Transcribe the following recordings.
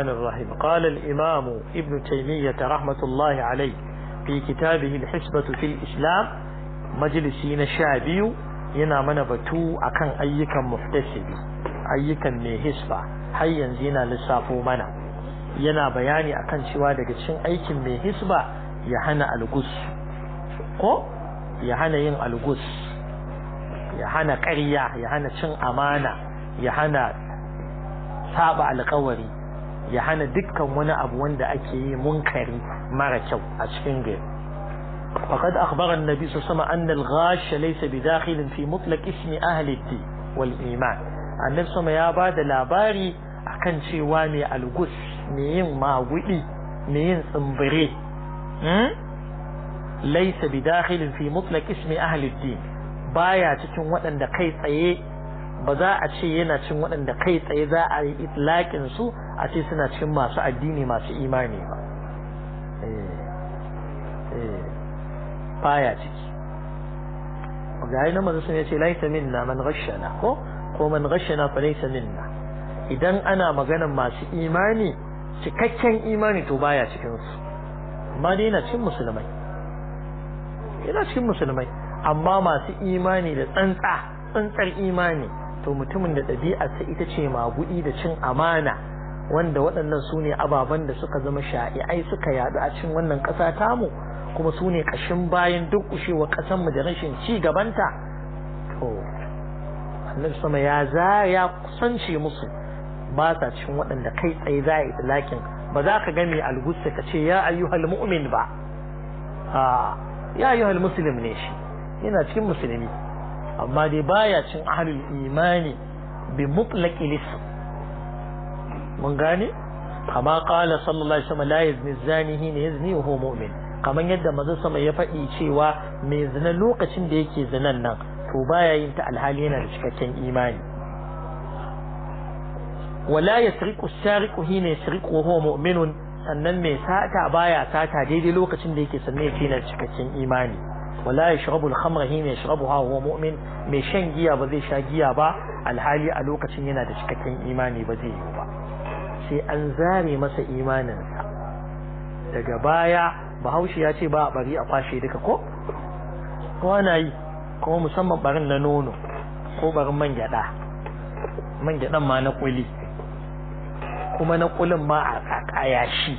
الرحيم قال الإمام ابن تيمية رحمة الله عليه في كتابه الحسبة في الإسلام مجلسين الشعبي ينامنا بتو أكن أيكا محتسب أيكا مهسبة حيا زينا لسافو منا ينا بياني أكن شوى دقشن أيكا مهسبة يحنى القس قو يحنى ين القس يحنى قرية يحنى شن أمانة يحنى saba alkawari ya hana dukkan wani abu wanda ake yi munkari mara kyau a cikin gari faqad akhbara an-nabi sallallahu alaihi wasallam anna al-ghash laysa bidakhilin fi mutlaq ismi ahli ad wal iman annabi sama ya bada labari akan cewa mai algus mai yin magudi mai yin tsimbire hmm? laysa bidakhilin fi mutlaq ismi ahli ad baya cikin waɗanda kai tsaye ba za a ce yana cin waɗanda kai tsaye za a yi itlaƙin su a ce suna cikin masu addini masu imani ba eh, eh, baya ciki ga yi na mazu sun yace laita minna man rashana ko ko man rashana fa laita minna idan ana maganan masu imani cikakken imani to baya cikin su amma dai yana cikin musulmai yana cikin musulmai amma masu imani da tsantsa tsantsar imani to mutumin da ɗabi'arsa ita ce magudi da cin amana wanda waɗannan su ne ababen da suka zama sha'i'ai suka yaɗu a cikin wannan ƙasa tamu kuma su ne ƙashin bayan duk kushewa ƙasanmu da rashin ci gabanta to annabi sama ya za ya kusance musu ba sa cikin waɗanda kai tsaye za a itilakin ba za ka gami algusta ka ce ya ayyuhal mu'min ba ya ayyuhal muslim ne shi yana cikin musulmi amma dai baya cin ahlul imani bi mutlaqi lisan mun gane kama kala sallallahu alaihi wasallam la yazni zani hina yazni wa mu'min kaman yadda manzon sama ya faɗi cewa mai zina lokacin da yake zinan nan to baya yin ta alhali yana da cikakken imani wala yasriqu as-sariqu hina yasriqu wa huwa mu'minun sannan mai sata baya sata daidai lokacin da yake sanne yake na cikakken imani wala yashrabu al-khamra hina yashrabuha huwa mu'min mai shan giya ba zai sha giya ba alhali a lokacin yana da cikakken imani ba zai yi ba sai an zare masa imaninsa daga baya bahaushe ya ce ba a bari a kwashe duka ko wana yi kuma musamman barin na nono ko barin man gyada man gyadan ma na kuli kuma na kulin ma a kakaya shi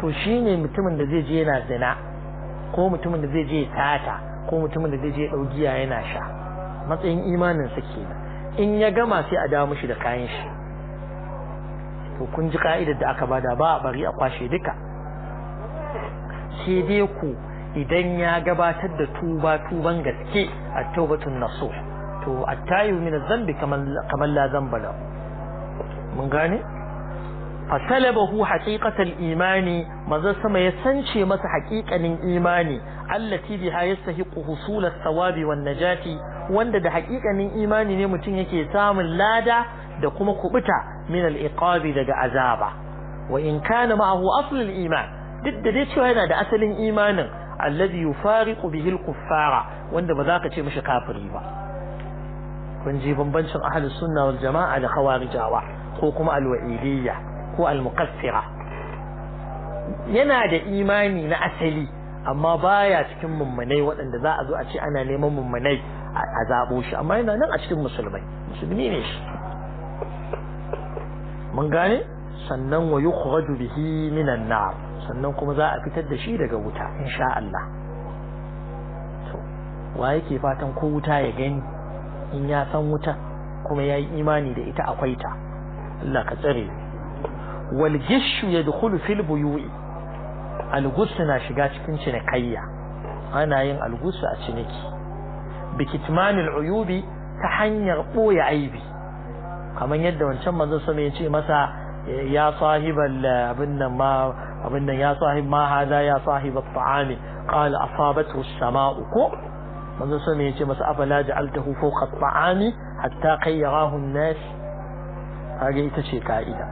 to shine mutumin da zai je yana zina ko mutumin da zai je tata ko mutumin da zai je daugiya yana sha matsayin imaninsa kenan in ya gama sai a dawo mishi da kayan shi to kun ji ka'idar da aka bada ba a bari a kwashe duka sai dai ku idan ya gabatar da tuba tuban gaske a taubatun naso to a tayu min zambi kamar la zamba la mun gane fasalabahu haqiqatal imani maza sama ya sance masa haƙiƙanin imani allati biha yastahiqu husul as-sawabi wan najati wanda da hakikanin imani ne mutum yake samun lada da kuma kubuta min al-iqabi daga azaba wa in kana ma'ahu asl al-iman duk da dai yana da asalin imanin alladhi yufariqu bihi al-kuffara wanda ba za ka ce mishi kafiri ba kun ji bambancin ahlus sunna wal jama'a da khawarijawa ko kuma al-wa'idiyya ko al-muqassira yana da imani na asali amma baya cikin mummunai waɗanda za a zo a ce ana neman mummunai a zaɓo shi amma yana nan a cikin musulmai musulmi ne shi mun gane sannan wa yukhraju bihi minan nar sannan kuma za a fitar da shi daga wuta insha Allah to wa yake fatan ko wuta ya gani in ya san wuta kuma ya yi imani da ita akwai ta Allah ka tsare wal gishu yadkhulu fil buyu'i al na shiga cikin cinikayya ana yin al a ciniki بكتمان العيوب تحنير قوي عيبي كما يدى وانشان من ذا سميتي مسا يا صاحب ابن ما ابن يا صاحب ما هذا يا صاحب الطعام قال أصابته السماء كو من ذا سميتي مسا أفلا جعلته فوق الطعام حتى قيراه الناس هذه تشي قائدة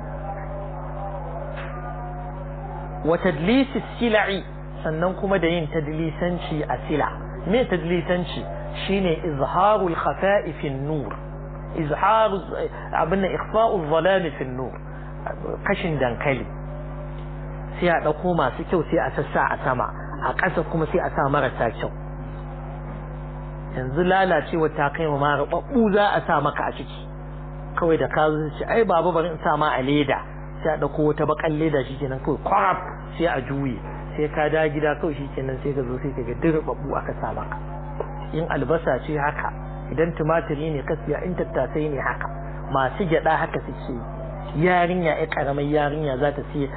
وتدليس السلع sannan دين da yin tadlisanci a sila me shine izharul khafa'i fi nur izharu abinna ikhfa'u zalami fi nur kashin dankali sai a dauko masu kyau sai a sassa a sama a ƙasa kuma sai a sa marasa kyau yanzu lalacewa ta kai ma mara za a sa maka a ciki kawai da ka ci ai babu bari in sa ma a leda sai a dauko wata bakan leda shikenan kawai kwaf sai a juye sai ka da gida kawai shikenan sai ka zo sai ka ga dirbabu aka sa maka in albasa ce haka idan tumatiri ne kasiya in tattasai ne haka masu gyada haka suke yarinya ya karamar yarinya za ta siya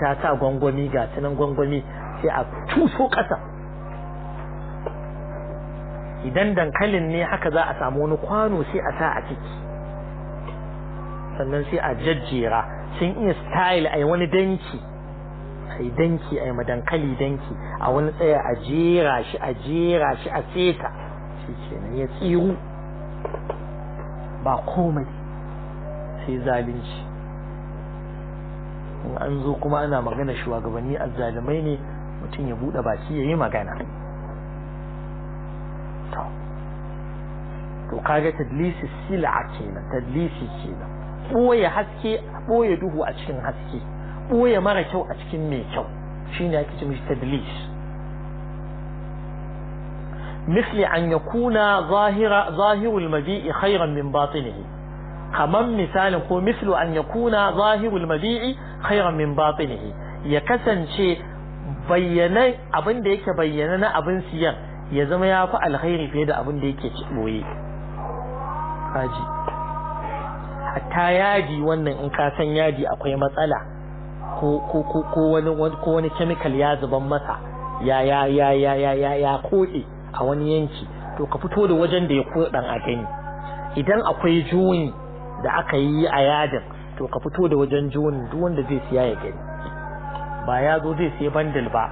ta sa gwangwami ga tunan gwangwami sai a tuso kasa. idan dankalin ne haka za a samu wani kwano sai a sa a ciki sannan sai a jajjera sun iya style a yi wani danki ai danki ai madankali danki a wani tsaya a jera shi a jera shi a seta shi kenan ya tsiru ba komai sai zalunci in an zo kuma ana magana shugabanni azzalumai ne mutum ya bude baki ya yi magana to kaga tadlisi sila kenan tadlisi kenan ɓoye ɓoye duhu a cikin haske ɓoye mara kyau a cikin mai kyau shine ake cin tadlis misli an ya kuna zahirul mabi'i khairan min batinihi kamar misalin ko mislu an ya kuna zahirul mabi'i khairan min batinihi ya kasance bayyana abin da yake bayyana na abin siyan ya zama ya fi alkhairi fiye da abin da yake ɓoye kaji hatta wannan in ka san yadi akwai matsala ko ko ko wani chemical ya zuban masa ya ya ya ya ya ya ya kode a wani yanki to ka fito da wajen da ya kodan a gani idan akwai juwin da aka yi a yadin to ka fito da wajen juwin duk wanda zai siya ya gani ba ya zo zai siya bandil ba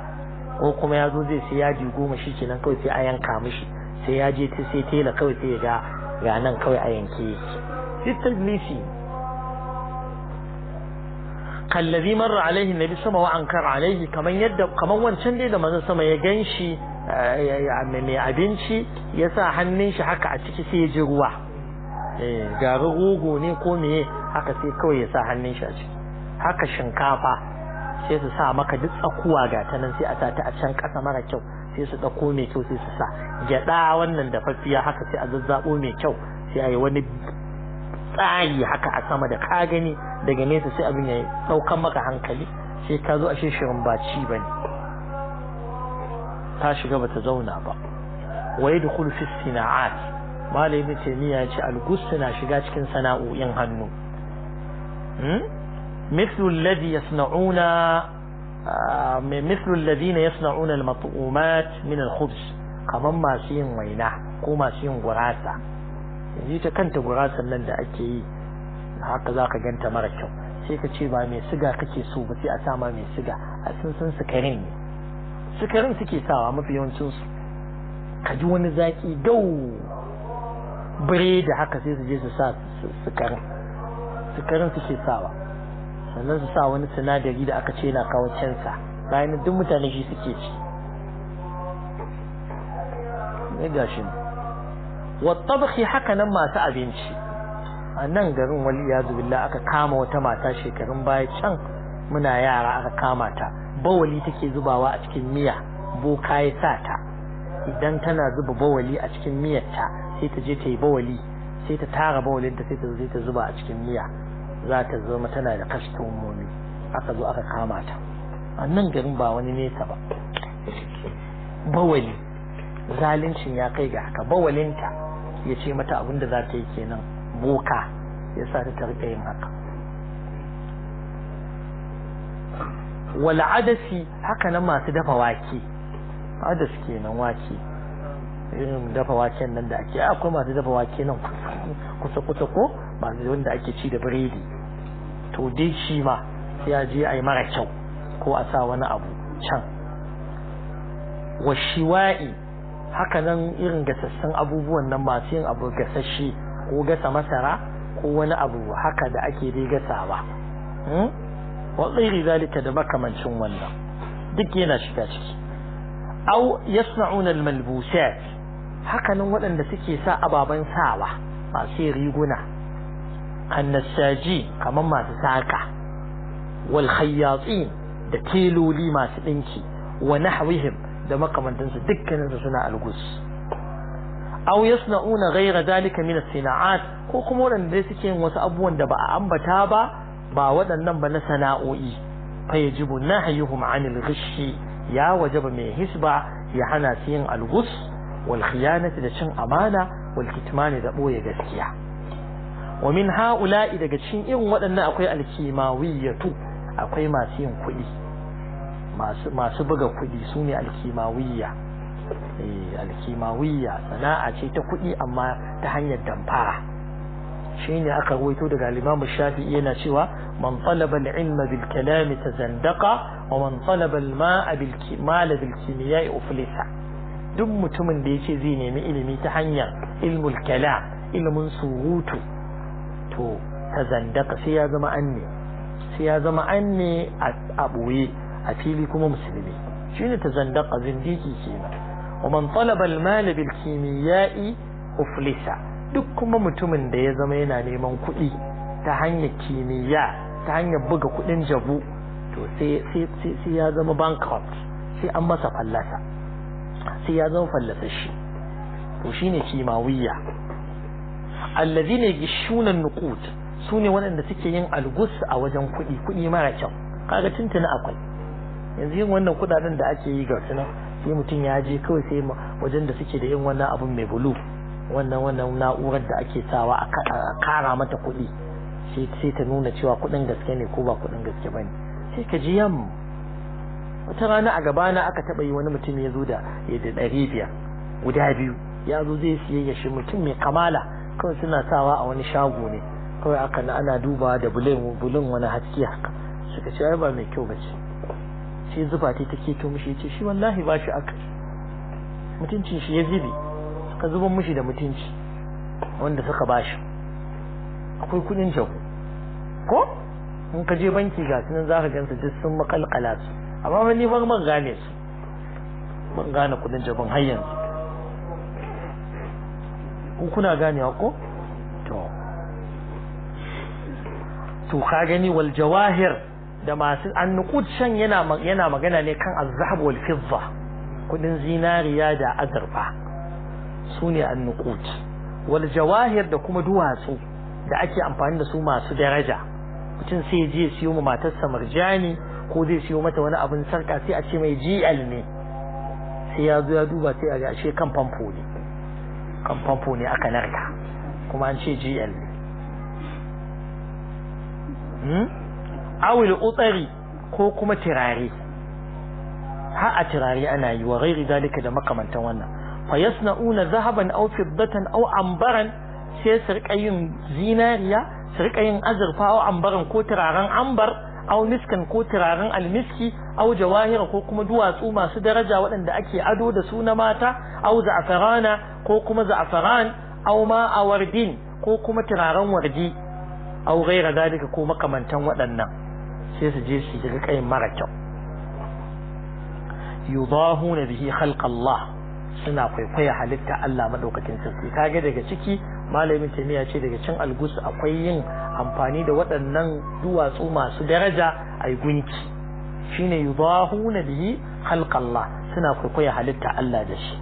ko kuma ya zo zai siya yadi goma shi kenan kawai sai a yanka mishi sai ya je sai tela kawai sai ya ga ga nan kawai a yanke yake duk kallazi marra alaihi nabi sama wa ankar alaihi kaman yadda kaman wancan dai da manzon sama ya ganshi eh, mai abinci ya sa hannun shi haka a ciki sai ya ji ruwa eh rogo ne ko meye haka sai kawai ya sa hannun shi a ciki haka shinkafa sai su sa maka duk tsakuwa ga ta nan sai a sa a can kasa mara kyau sai su dauko mai kyau sai su sa gyada wannan dafaffiya haka sai a zazzabo mai kyau sai a yi wani tsari haka a sama da ka gani daga nesa sai abin ya daukan maka hankali sai ka zo ashe shirin baci bane ta shiga bata zauna ba wai yadkhulu fi sina'at malai ibn ya ce al na shiga cikin sana'o'in hannu مثل الذي يصنعون مثل mat'umat يصنعون المطعومات من kaman masu yin waina ko masu yin gurasa. yi ta kanta gurasan nan da ake yi haka za ka ganta mara kyau sai ka ce ba mai siga kake so ba sai a sama mai siga a sun san sukarin ne sukarin suke sawa mafi yawancin su ka ji wani zaki dau biredi haka sai su je su sa sukarin sukarin suke sawa sannan su sa wani sinadari da aka ce na kawo cansa bayan duk mutane shi suke ci ne gashin wattabakhi haka nan masu abinci a nan garin wali ya zubilla aka kama wata mata shekarun baya can muna yara aka kama ta bawali take zubawa a cikin miya boka ya sa ta idan tana zuba bawali a cikin miyarta sai ta je ta yi bawali sai ta tara bawalinta sai ta zo ta zuba a cikin miya za ta zama tana da kastomomi aka zo aka kama ta a nan garin ba wani nesa ba bawali zalincin ya kai ga haka bawalinta ya ce mata abin da za ta yi kenan boka ya sa ta rika yin haka wal'adasi haka nan masu dafa wake adas kenan wake irin dafa waken nan da ake akwai masu dafa wake nan kusa kusa ko ba wanda ake ci da biredi to dai shi ma ya je a yi mara kyau ko a sa wani abu can washiwa'i haka nan irin gasassun abubuwan nan masu yin abu gasashe ko gasa masara ko wani abu haka da ake dai gasawa hmm? wa tsiri zalika da makamancin wannan duk yana shiga ciki au yasna'una al-malbusat haka nan waɗanda suke sa ababen sawa masu riguna annasaji kamar masu saka wal da teloli masu ɗinki wa nahwihim da makamantansu dukkaninsu suna algus aw yasna'una ghayra dalika min as-sina'at ko kuma waɗanda suke yin wasu abubuwan da ba a ambata ba ba waɗannan ba na sana'o'i fa yajibu nahyuhum 'anil ghishi ya wajaba mai hisba ya hana su yin algus wal khiyanati da cin amana wal kitmani da boye gaskiya wa min ha'ula'i daga cikin irin waɗannan akwai alkimawiyatu akwai masu yin kuɗi masu buga kuɗi su ne alkimawiyya eh, alkimawiyya sana'a ce ta kuɗi amma ta hanyar damfara shi ne aka ruwaito daga limamu shafi'i yana cewa man talaba al-ilma bil kalam tazandaqa wa man talaba al-ma'a bil kimal bil uflisa duk mutumin da yace zai nemi ilimi ta hanyar ilmul kalam ilmun surutu to tazandaqa sai ya zama anne sai ya zama anne a boye a fili kuma musulmi shine tazandaka zindiki kenan wa man talaba al-mal bil duk kuma mutumin da ya zama yana neman kuɗi ta hanyar kimiyya ta hanyar buga kuɗin jabu to sai ya zama bankrupt sai an masa fallasa sai ya zama fallasa shi to shine kimawiyya allazina yashuna nuqut sune waɗanda suke yin algus a wajen kuɗi kuɗi mara kyau kaga na akwai yanzu yin wannan kudaden da ake yi ga suna sai mutum ya je kawai sai wajen da suke da yin wannan abun mai bulu wannan wannan na'urar da ake sawa a kara mata kuɗi sai ta nuna cewa kuɗin gaske ne ko ba kuɗin gaske ba ne sai ka ji yam wata rana a gabana aka taɓa yi wani mutum ya zo da ya da ɗari biyar guda biyu ya zo zai siye ya shi mutum mai kamala kawai suna sawa a wani shago ne kawai aka na ana dubawa da bulin wani haske haka suka ce ba mai kyau ba ce sai zuba ta take to mishi ce shi wallahi ba shi aka mutuncin shi ya zibi suka zuban mishi da mutunci wanda suka ba shi akwai kudin jago ko in ka je banki ga su nan za ka gansu duk sun makalkala su amma fa ni ban gane su ban gane kudin jagon har yanzu in kuna ganewa ko to to ka gani wal jawahir da masu annuqud shan yana magana ne kan az wal fidda kudin zinariya da azurfa sune annuqud wal jawahir da kuma duwatsu da ake amfani da su masu daraja mutum sai je siyo ma matarsa marjani ko zai siyo mata wani abin sarka sai a ce mai GL ne sai ya zo ya duba sai a ce kan famfo ne kan famfo ne aka narka kuma an ce GL ne hmm? awil utsari ko kuma tirare ha a tirare ana yi wa ghairi zalika da makamantan wannan fa yasna'una zahaban aw fiddatan aw ambaran sai su rika yin zinariya su rika yin azurfa aw ambaran ko turaren ambar aw miskan ko turaren almiski aw jawahira ko kuma duwatsu masu daraja waɗanda ake ado da su na mata aw za'afarana ko kuma za'afaran aw ma awardin ko kuma turaren wardi aw ghaira zalika ko makamantan waɗannan sai su je su ga kai mara kyau yudahuna bihi khalq suna kwaikwaya halitta Allah madaukakin sarki kage daga ciki malamin tamiya ce daga cin algus akwai yin amfani da waɗannan duwatsu masu daraja a gunki shine na bihi khalq suna kwaikwaya halitta Allah da shi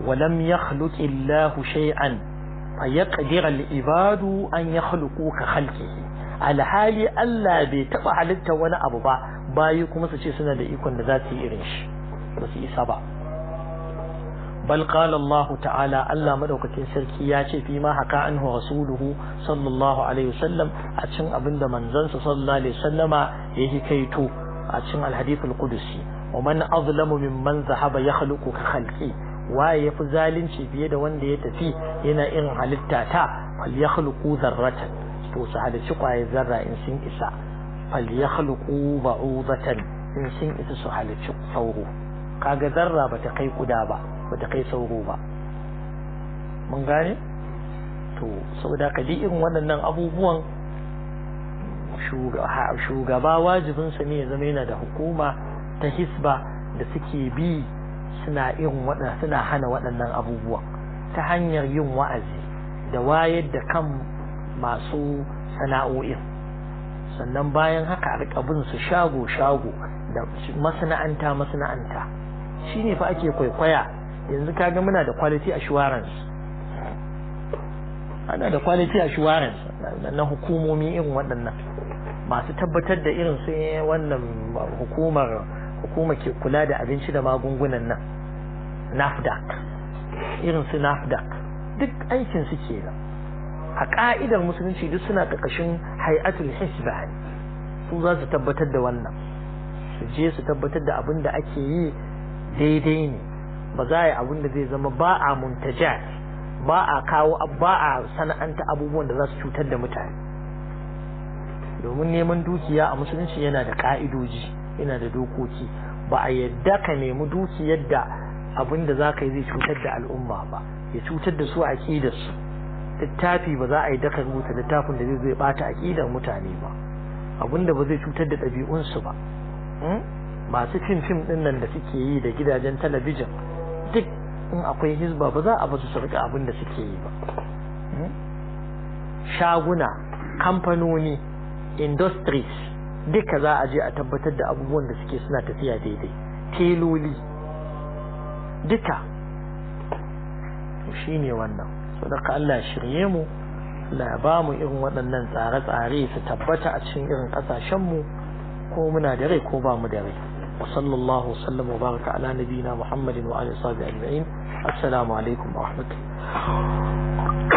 ولم يخلق الله شيئا فيقدر العباد أن ka كخلقه alhali Allah bai taɓa halitta wani abu ba bayi kuma su ce suna da ikon da za su yi irin shi ba su isa ba bal qala Allah ta'ala Allah madaukakin sarki ya ce fi ma haka anhu rasuluhu sallallahu alaihi wasallam a cin abinda manzansa sallallahu alaihi wasallama ya hikaito a cin alhadith alqudusi wa man azlamu mimman zahaba yakhluqu ka khalqi waye yafi zalunci fiye da wanda ya tafi yana irin halitta ta fal yakhluqu dharratan to su halici kwaye zarra in sun isa fal ya falyakhluqu ba'udatan in sun isa su halici sauro kaga zarra bata kai kuda ba bata kai sauro ba mun gane to saboda ka irin waɗannan abubuwan shugaba wajibinsa ne ya zama yana da hukuma ta hisba da suke bi suna irin waɗannan suna hana waɗannan abubuwa ta hanyar yin wa'azi da wayar da kan masu sana'o'in sannan bayan haka a rika bin su shago shago da masana'anta masana'anta shine fa ake kwaikwaya yanzu kaga muna da quality assurance ana da quality assurance na hukumomi irin waɗannan masu tabbatar da irin su eh, wannan hukumar hukuma ke kula da abinci da magungunan nan nafdak irin su nafdak duk aikin su kenan a ƙa'idar musulunci duk suna ƙarƙashin hay'atul hisba su za su tabbatar da wannan su je su tabbatar da abin da ake yi daidai ne ba za a yi abin da zai zama ba a muntajat ba a kawo ba a sana'anta abubuwan da za su cutar da mutane domin neman dukiya a musulunci yana da ƙa'idoji, yana da dokoki ba a yadda ka nemi dukiyar da abin da za ka yi zai cutar da al'umma ba ya cutar da su a da su littafi ba za a yi dakar rubuta littafin da zai zai bata aƙidar mutane ba abinda ba zai cutar da su ba hmm? masu fim fim ɗin nan da suke yi da gidajen talabijin duk in akwai hizba ba za a basu su rika abin da suke yi ba hmm? shaguna kamfanoni industries duka za a je a tabbatar da abubuwan da suke suna tafiya daidai teloli duka shi ne wannan sadaka Allah shirye mu la ba mu irin waɗannan tsare-tsare su tabbata a cikin irin ƙasashen mu ko muna da rai ko ba mu da rai wa sallallahu wa baraka ala nabiyina muhammadin wa alihi wa sahbihi ajma'in assalamu alaikum wa rahmatullahi